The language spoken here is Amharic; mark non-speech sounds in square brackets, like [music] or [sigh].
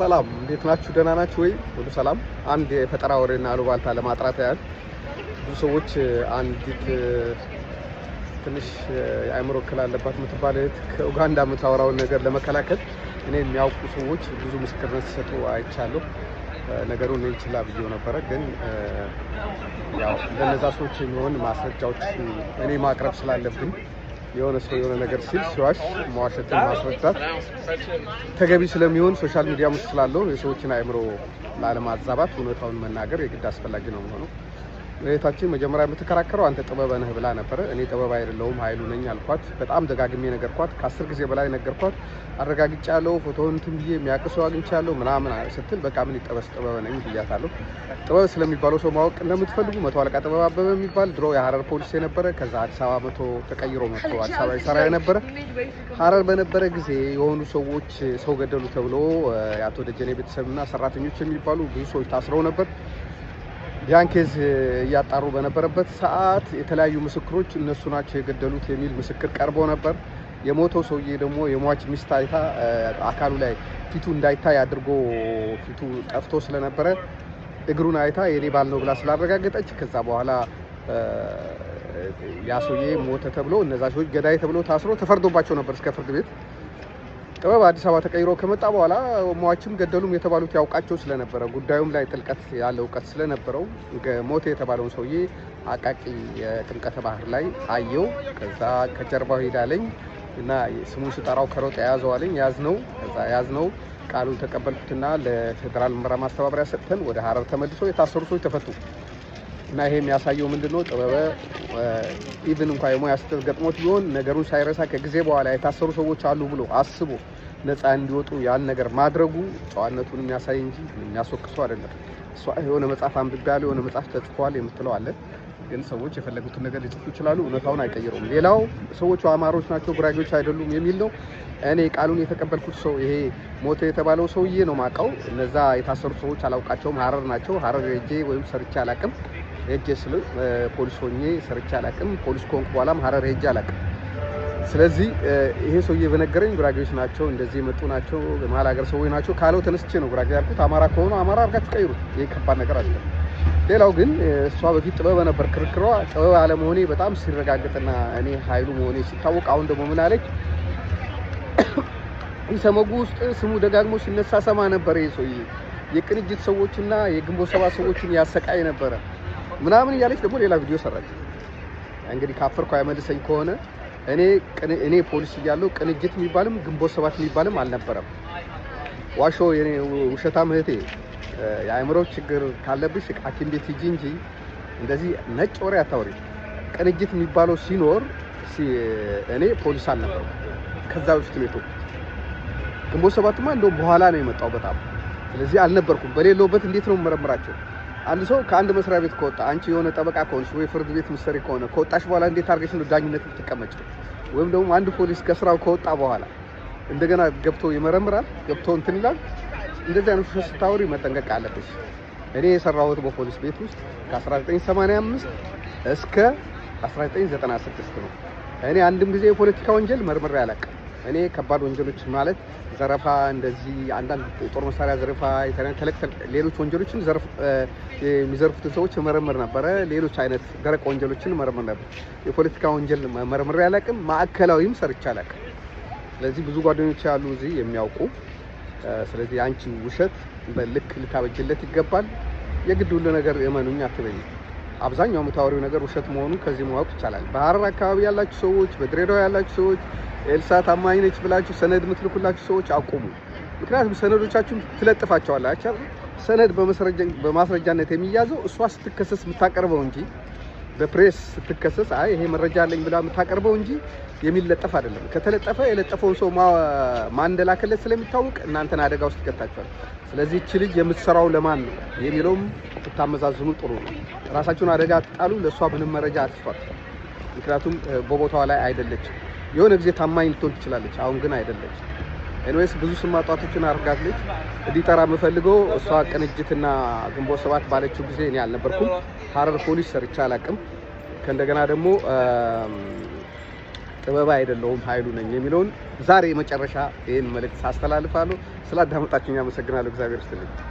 ሰላም እንዴት ናችሁ? ደህና ናችሁ ወይ? ሁሉ ሰላም። አንድ የፈጠራ ወሬና አሉባልታ ለማጥራት ያህል ብዙ ሰዎች አንዲት ትንሽ የአእምሮ እክል አለባት የምትባል እህት ከኡጋንዳ የምታወራውን ነገር ለመከላከል እኔ የሚያውቁ ሰዎች ብዙ ምስክርነት ሲሰጡ አይቻለሁ። ነገሩ እኔ ችላ ብዬው ነበረ፣ ግን ያው ለነዛ ሰዎች የሚሆን ማስረጃዎች እኔ ማቅረብ ስላለብኝ የሆነ ሰው የሆነ ነገር ሲል ሲዋሽ መዋሸትን ማስረዳት ተገቢ ስለሚሆን ሶሻል ሚዲያም ውስጥ ስላለው የሰዎችን አእምሮ ላለማዛባት እውነታውን መናገር የግድ አስፈላጊ ነው የሚሆነው። እህታችን መጀመሪያ የምትከራከረው አንተ ጥበበ ነህ ብላ ነበረ። እኔ ጥበብ አይደለሁም ሀይሉ ነኝ አልኳት። በጣም ደጋግሜ ነገርኳት። ከአስር ጊዜ በላይ ነገርኳት። አረጋግጫ ያለው ፎቶውን እንትን ብዬ የሚያውቅ ሰው አግኝቻለሁ ምናምን ስትል በቃ ምን ይጠበስ ጥበበ ነኝ ብያታለሁ። ጥበብ ስለሚባለው ሰው ማወቅ እንደምትፈልጉ መቶ አለቃ ጥበብ አበበ የሚባል ድሮ የሀረር ፖሊስ የነበረ ከዛ አዲስ አበባ መቶ ተቀይሮ መጥቶ አዲስ አበባ ይሰራ የነበረ ሀረር በነበረ ጊዜ የሆኑ ሰዎች ሰው ገደሉ ተብሎ የአቶ ደጀኔ ቤተሰብና ሰራተኞች የሚባሉ ብዙ ሰዎች ታስረው ነበር። ያን ኬዝ እያጣሩ በነበረበት ሰዓት የተለያዩ ምስክሮች እነሱ ናቸው የገደሉት የሚል ምስክር ቀርቦ ነበር። የሞተው ሰውዬ ደግሞ የሟች ሚስት አይታ አካሉ ላይ ፊቱ እንዳይታይ አድርጎ ፊቱ ጠፍቶ ስለነበረ እግሩን አይታ የኔ ባል ነው ብላ ስላረጋገጠች ከዛ በኋላ ያ ሰውዬ ሞተ ተብሎ እነዛ ሰዎች ገዳይ ተብሎ ታስሮ ተፈርዶባቸው ነበር እስከ ፍርድ ቤት ጥበብ አዲስ አበባ ተቀይሮ ከመጣ በኋላ ሟችም ገደሉም የተባሉት ያውቃቸው ስለነበረ ጉዳዩም ላይ ጥልቀት ያለ እውቀት ስለነበረው ሞተ የተባለውን ሰውዬ አቃቂ የጥምቀተ ባህር ላይ አየው። ከዛ ከጀርባው ሄዳለኝ እና ስሙን ስጠራው ከሮጥ የያዘዋለኝ ያዝ ነው። ከዛ ያዝ ነው ቃሉን ተቀበልኩትና ለፌዴራል ምርመራ ማስተባበሪያ ሰጥተን ወደ ሀረር ተመልሶ የታሰሩ ሰዎች ተፈቱ። እና ይሄ የሚያሳየው ምንድን ነው? ጥበበ ኢቭን እንኳ የሙያ ስህተት ገጥሞት ቢሆን ነገሩን ሳይረሳ ከጊዜ በኋላ የታሰሩ ሰዎች አሉ ብሎ አስቦ ነፃ እንዲወጡ ያን ነገር ማድረጉ ጨዋነቱን የሚያሳይ እንጂ የሚያስወቅሰው አይደለም። እሷ የሆነ መጽሐፍ አንብቤያለሁ የሆነ መጽሐፍ ተጽፏል የምትለው አለ። ግን ሰዎች የፈለጉትን ነገር ሊጽፉ ይችላሉ፣ እውነታውን አይቀይረውም። ሌላው ሰዎቹ አማሮች ናቸው ጉራጌዎች አይደሉም የሚል ነው። እኔ ቃሉን የተቀበልኩት ሰው ይሄ ሞተ የተባለው ሰውዬ ነው ማቀው። እነዛ የታሰሩት ሰዎች አላውቃቸውም። ሀረር ናቸው። ሀረር ሄጄ ወይም ሰርቼ አላቅም። ሄጄ ስልም ፖሊስ ሆኜ ሰርቼ አላቅም። ፖሊስ ከሆንኩ በኋላም ሀረር ሄጄ አላቅም። ስለዚህ ይሄ ሰውዬ በነገረኝ ጉራጌዎች ናቸው እንደዚህ የመጡ ናቸው መሀል ሀገር ሰዎች ናቸው ካለው ተነስቼ ነው ጉራጌ ያልኩት። አማራ ከሆኑ አማራ አድርጋችሁ ቀይሩት። ይህ ከባድ ነገር አለ። ሌላው ግን እሷ በፊት ጥበበ ነበር ክርክሯ። ጥበብ አለመሆኔ በጣም ሲረጋገጥና እኔ ሀይሉ መሆኔ ሲታወቅ፣ አሁን ደግሞ ምን አለች [coughs] ኢሰመጉ ውስጥ ስሙ ደጋግሞ ሲነሳ ሰማ ነበር። ይሄ ሰውዬ የቅንጅት ሰዎችና የግንቦት ሰባት ሰዎችን ያሰቃይ ነበረ። ምናምን እያለች ደግሞ ሌላ ቪዲዮ ሰራች። እንግዲህ ካፈርኩ ያመልሰኝ ከሆነ እኔ እኔ ፖሊስ እያለሁ ቅንጅት የሚባልም ግንቦት ሰባት የሚባልም አልነበረም። ዋሾ የኔ ውሸታም እህቴ የአእምሮ ችግር ካለብሽ ሐኪም ቤት ሂጂ እንጂ እንደዚህ ነጭ ወሬ አታውሪ። ቅንጅት የሚባለው ሲኖር እኔ ፖሊስ አልነበረም። ከዛ በፊት ነው የተውኩት። ግንቦት ሰባትማ እንደውም በኋላ ነው የመጣው በጣም ስለዚህ አልነበርኩም። በሌለውበት እንዴት ነው መረምራቸው? አንድ ሰው ከአንድ መስሪያ ቤት ከወጣ አንቺ የሆነ ጠበቃ ከሆንሽ ወይ ፍርድ ቤት ምሰሪ ከሆነ ከወጣሽ በኋላ እንዴት አድርገሽ ነው ዳኝነት የምትቀመጭ? ወይም ደግሞ አንድ ፖሊስ ከስራው ከወጣ በኋላ እንደገና ገብቶ ይመረምራል፣ ገብቶ እንትን ይላል። እንደዚህ አይነት ውሸት ስታወሪ መጠንቀቅ አለብሽ። እኔ የሰራሁት በፖሊስ ቤት ውስጥ ከ1985 እስከ 1996 ነው። እኔ አንድም ጊዜ የፖለቲካ ወንጀል መርምሬ አላውቅም። እኔ ከባድ ወንጀሎች ማለት ዘረፋ፣ እንደዚህ አንዳንድ ጦር መሳሪያ ዘረፋ፣ ተለቅ ሌሎች ወንጀሎችን የሚዘርፉትን ሰዎች መረምር ነበረ። ሌሎች አይነት ደረቅ ወንጀሎችን መረምር ነበር። የፖለቲካ ወንጀል መርምሬ አላውቅም። ማዕከላዊም ሰርቼ አላውቅም። ስለዚህ ብዙ ጓደኞች ያሉ እዚህ የሚያውቁ ስለዚህ አንቺ ውሸት በልክ ልታበጅለት ይገባል። የግድ ሁሉ ነገር እመኑኝ አትበኝ። አብዛኛው የምታወሪው ነገር ውሸት መሆኑ ከዚህ ማወቅ ይቻላል። በሀረር አካባቢ ያላችሁ ሰዎች፣ በድሬዳዋ ያላችሁ ሰዎች ኤልሳ ታማኝ ነች ብላችሁ ሰነድ የምትልኩላችሁ ሰዎች አቁሙ። ምክንያቱም ሰነዶቻችሁን ትለጥፋቸዋል። ሰነድ በማስረጃነት የሚያዘው እሷ ስትከሰስ የምታቀርበው እንጂ በፕሬስ ስትከሰስ አይ ይሄ መረጃ አለኝ ብላ የምታቀርበው እንጂ የሚለጠፍ አይደለም። ከተለጠፈ የለጠፈውን ሰው ማን እንደላከለት ስለሚታወቅ እናንተን አደጋ ውስጥ ይከታችኋል። ስለዚህ እቺ ልጅ የምትሰራው ለማን ነው የሚለውም ብታመዛዝኑ ጥሩ ነው። ራሳችሁን አደጋ አትጣሉ። ለእሷ ምንም መረጃ አትስጧት። ምክንያቱም በቦታዋ ላይ አይደለችም። የሆነ ጊዜ ታማኝ ልትሆን ትችላለች። አሁን ግን አይደለች። ኤንዌስ ብዙ ስም ማጣቶችን አድርጋለች። እንዲጠራ የምፈልገው እሷ ቅንጅትና ግንቦት ሰባት ባለችው ጊዜ እኔ አልነበርኩም። ሀረር ፖሊስ ሰርቼ አላቅም። ከእንደገና ደግሞ ጥበባ አይደለሁም ኃይሉ ነኝ የሚለውን ዛሬ የመጨረሻ ይህን መልእክት ሳስተላልፋሉ። ስላዳመጣችሁኝ አመሰግናለሁ። እግዚአብሔር ይስጥልኝ።